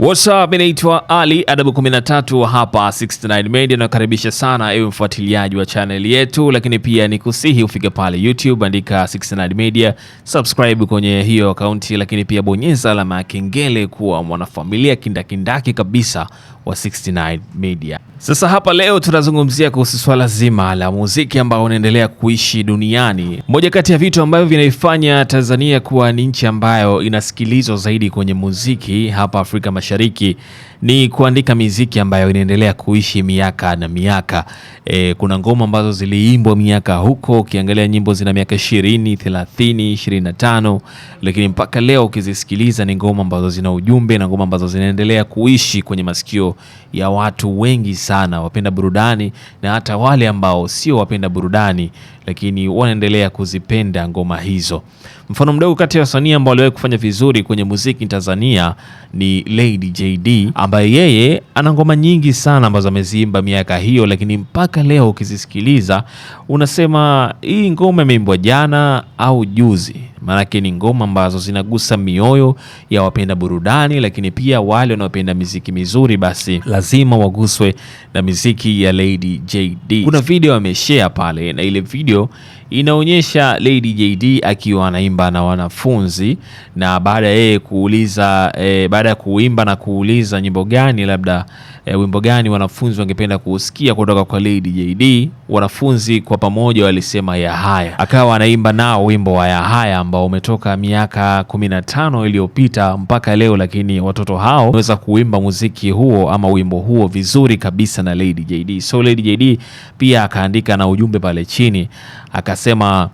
What's up, inaitwa Ali Adabu 13 hapa 69 Media, nakaribisha sana ewe mfuatiliaji wa channel yetu, lakini pia nikusihi ufike pale YouTube, andika 69 Media, subscribe kwenye hiyo akaunti, lakini pia bonyeza alama ya kengele kuwa mwanafamilia kindakindaki kabisa wa 69 Media. Sasa hapa leo tunazungumzia kuhusu swala zima la muziki ambao unaendelea kuishi duniani. Moja kati ya vitu ambavyo vinaifanya Tanzania kuwa ni nchi ambayo inasikilizwa zaidi kwenye muziki hapa Afrika Mashariki Mashariki ni kuandika miziki ambayo inaendelea kuishi miaka na miaka. E, kuna ngoma ambazo ziliimbwa miaka huko, ukiangalia nyimbo zina miaka 20, 30, 25, lakini mpaka leo ukizisikiliza ni ngoma ambazo zina ujumbe na ngoma ambazo zinaendelea kuishi kwenye masikio ya watu wengi sana, wapenda burudani na hata wale ambao sio wapenda burudani lakini wanaendelea kuzipenda ngoma hizo. Mfano mdogo kati ya wasanii ambao waliwahi kufanya vizuri kwenye muziki Tanzania ni Lady JD ambaye yeye ana ngoma nyingi sana ambazo ameziimba miaka hiyo, lakini mpaka leo ukizisikiliza unasema hii ngoma imeimbwa jana au juzi Maanake ni ngoma ambazo zinagusa mioyo ya wapenda burudani, lakini pia wale wanaopenda miziki mizuri, basi lazima waguswe na miziki ya Lady JD. Kuna video ameshare pale, na ile video inaonyesha Lady JD akiwa anaimba na wanafunzi, na baada ya yeye kuuliza e, baada ya kuimba na kuuliza nyimbo gani labda e, wimbo gani wanafunzi wangependa kusikia kutoka kwa Lady JD, wanafunzi kwa pamoja walisema ya haya, akawa anaimba nao wimbo wa ya haya ambao umetoka miaka 15 iliyopita mpaka leo, lakini watoto hao wameweza kuimba muziki huo ama wimbo huo vizuri kabisa na Lady JD. So Lady JD pia akaandika na ujumbe pale chini akasema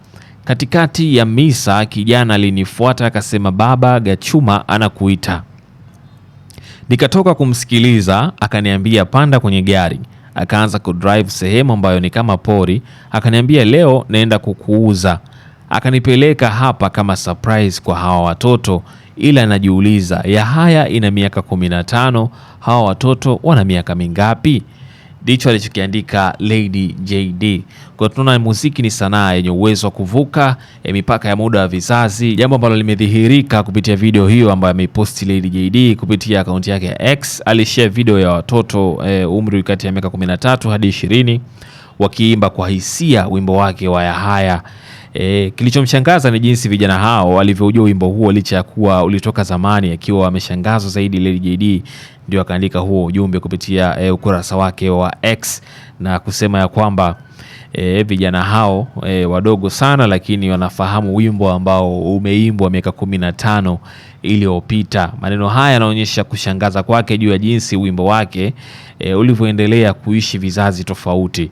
Katikati ya misa kijana alinifuata akasema, baba Gachuma anakuita. Nikatoka kumsikiliza, akaniambia panda kwenye gari, akaanza kudrive sehemu ambayo ni kama pori, akaniambia leo naenda kukuuza akanipeleka hapa kama surprise kwa hawa watoto, ila anajiuliza Yahaya ina miaka 15, hawa watoto wana miaka mingapi? Ndicho alichokiandika Lady JD. Kwa tunaona muziki ni sanaa yenye uwezo wa kuvuka e, mipaka ya muda wa vizazi, jambo ambalo limedhihirika kupitia video hiyo ambayo ameiposti Lady JD kupitia akaunti yake ya X. Alishare video ya watoto e, umri kati ya miaka 13 hadi 20 wakiimba kwa hisia wimbo wake wa Yahaya E, kilichomshangaza ni jinsi vijana hao walivyojua wimbo huo licha ya kuwa ulitoka zamani. Akiwa ameshangazwa zaidi, Lady JD ndio akaandika huo ujumbe kupitia e, ukurasa wake wa X na kusema ya kwamba e, vijana hao e, wadogo sana, lakini wanafahamu wimbo ambao umeimbwa miaka kumi na tano iliyopita. Maneno haya yanaonyesha kushangaza kwake juu ya jinsi wimbo wake e, ulivyoendelea kuishi vizazi tofauti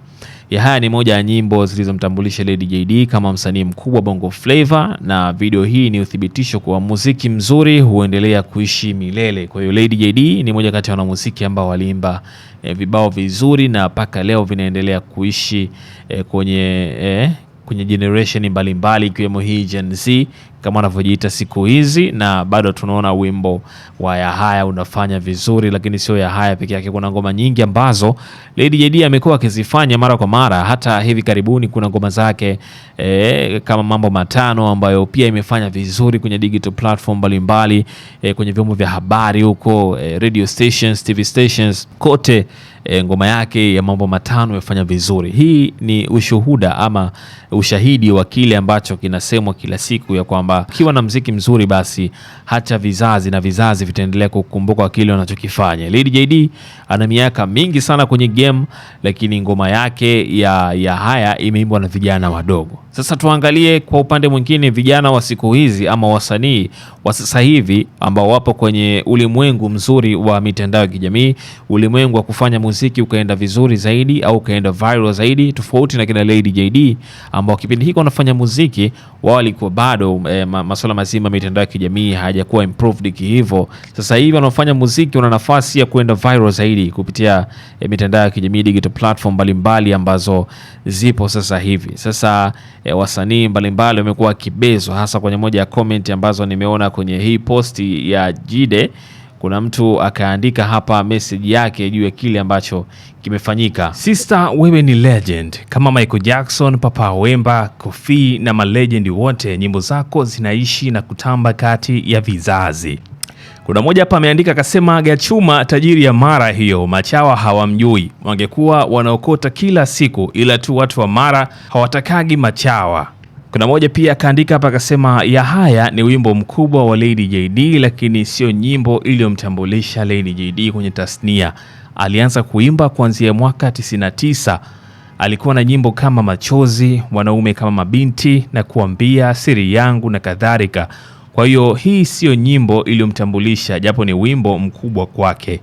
haya ni moja ya nyimbo zilizomtambulisha Lady JD kama msanii mkubwa Bongo Flava, na video hii ni uthibitisho kuwa muziki mzuri huendelea kuishi milele. Kwa hiyo Lady JD ni moja kati ya wanamuziki ambao waliimba eh, vibao vizuri na mpaka leo vinaendelea kuishi eh, kwenye eh, kwenye generation mbalimbali ikiwemo hii Gen Z kama wanavyojiita siku hizi, na bado tunaona wimbo wa Yahaya unafanya vizuri, lakini sio Yahaya peke yake. Kuna ngoma nyingi ambazo Lady Jay amekuwa akizifanya mara kwa mara. Hata hivi karibuni kuna ngoma zake e, kama mambo matano ambayo pia imefanya vizuri kwenye digital platform mbalimbali e, kwenye vyombo vya habari huko e, radio stations, TV stations kote e, ngoma yake ya mambo matano imefanya vizuri. Hii ni ushuhuda ama ushahidi wa kile ambacho kinasemwa kila siku ya kwamba kwamba ukiwa na mziki mzuri, basi hata vizazi na vizazi vitaendelea kukumbuka kile wanachokifanya. Lady JD ana miaka mingi sana kwenye game, lakini ngoma yake ya, ya haya imeimbwa na vijana wadogo. Sasa tuangalie kwa upande mwingine vijana wa siku hizi ama wasanii wa sasa hivi ambao wapo kwenye ulimwengu mzuri wa mitandao ya kijamii, ulimwengu wa kufanya muziki ukaenda vizuri zaidi au ukaenda viral zaidi, tofauti na kina Lady JD ambao kipindi hiki wanafanya muziki wao walikuwa bado e, Eh, masuala mazima mitandao ya kijamii hayajakuwa improved kihivyo. Sasa hivi wanaofanya muziki wana nafasi ya kuenda viral zaidi kupitia e, mitandao ya kijamii digital platform mbalimbali ambazo zipo sasa hivi. Sasa e, wasanii mbalimbali wamekuwa wakibezwa, hasa kwenye moja ya comment ambazo nimeona kwenye hii posti ya Jide kuna mtu akaandika hapa message yake juu ya kile ambacho kimefanyika. Sister, wewe ni legend kama Michael Jackson, Papa Wemba, Kofi na malegendi wote, nyimbo zako zinaishi na kutamba kati ya vizazi. Kuna mmoja hapa ameandika akasema, Gachuma tajiri ya Mara hiyo, machawa hawamjui, wangekuwa wanaokota kila siku, ila tu watu wa Mara hawatakagi machawa kuna moja pia akaandika hapa akasema, ya haya ni wimbo mkubwa wa Lady JD, lakini sio nyimbo iliyomtambulisha Lady JD kwenye tasnia. Alianza kuimba kuanzia mwaka 99. Alikuwa na nyimbo kama Machozi, Wanaume kama Mabinti na Kuambia, Siri yangu na kadhalika. Kwa hiyo hii siyo nyimbo iliyomtambulisha, japo ni wimbo mkubwa kwake.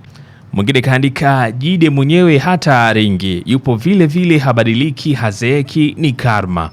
Mwingine kaandika Jide mwenyewe hata ringi yupo vile vile, habadiliki, hazeeki, ni karma.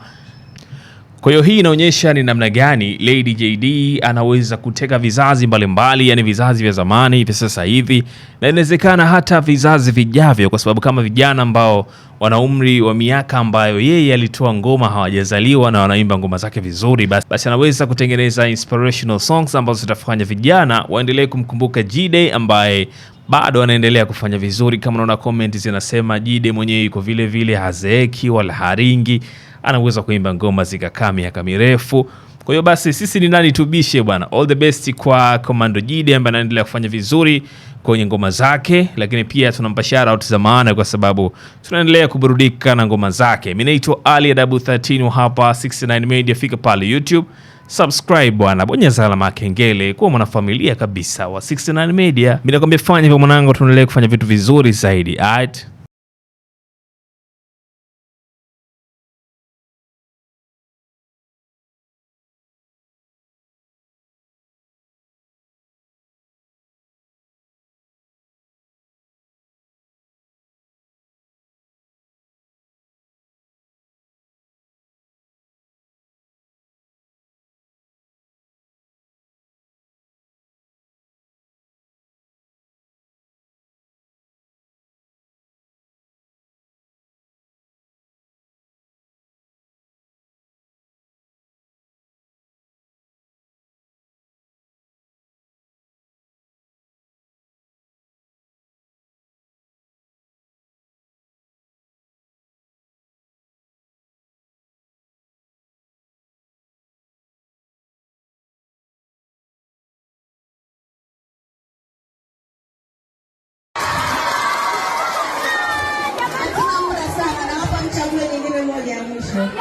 Kwa hiyo hii inaonyesha ni namna gani Lady JD anaweza kuteka vizazi mbalimbali, yani vizazi vya zamani, vya sasa hivi na inawezekana hata vizazi vijavyo, kwa sababu kama vijana ambao wana umri wa miaka ambayo yeye alitoa ngoma hawajazaliwa na wanaimba ngoma zake vizuri, basi, basi anaweza kutengeneza inspirational songs ambazo zitafanya vijana waendelee kumkumbuka jd ambaye bado anaendelea kufanya vizuri. Kama unaona comment zinasema Jide mwenyewe yuko vile vile, hazeeki wala haringi ana uwezo wa kuimba ngoma zikakaa miaka mirefu. Kwa hiyo basi sisi ni nani tubishe bwana. All the best kwa Commando Jide ambaye anaendelea kufanya vizuri kwenye ngoma zake, lakini pia tunampa shout out za maana kwa sababu tunaendelea kuburudika na ngoma zake. Mimi naitwa Ali Adabu 13 hapa 69 Media, fika pale YouTube subscribe bwana, bonyeza alama ya kengele, kuwa mwanafamilia kabisa wa 69 Media. Mimi nakwambia fanya hivyo mwanangu, tunaendelea kufanya vitu vizuri zaidi. 人生。